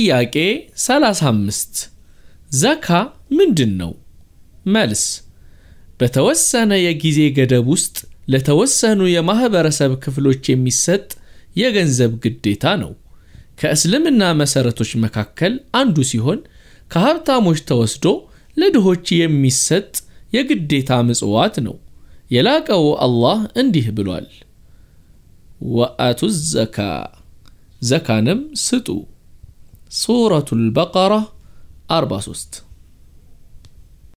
ጥያቄ 35 ዘካ ምንድን ነው? መልስ በተወሰነ የጊዜ ገደብ ውስጥ ለተወሰኑ የማህበረሰብ ክፍሎች የሚሰጥ የገንዘብ ግዴታ ነው። ከእስልምና መሰረቶች መካከል አንዱ ሲሆን ከሀብታሞች ተወስዶ ለድሆች የሚሰጥ የግዴታ ምጽዋት ነው። የላቀው አላህ እንዲህ ብሏል፣ ወአቱ ዘካ ዘካንም ስጡ። سورة البقرة أربع سوست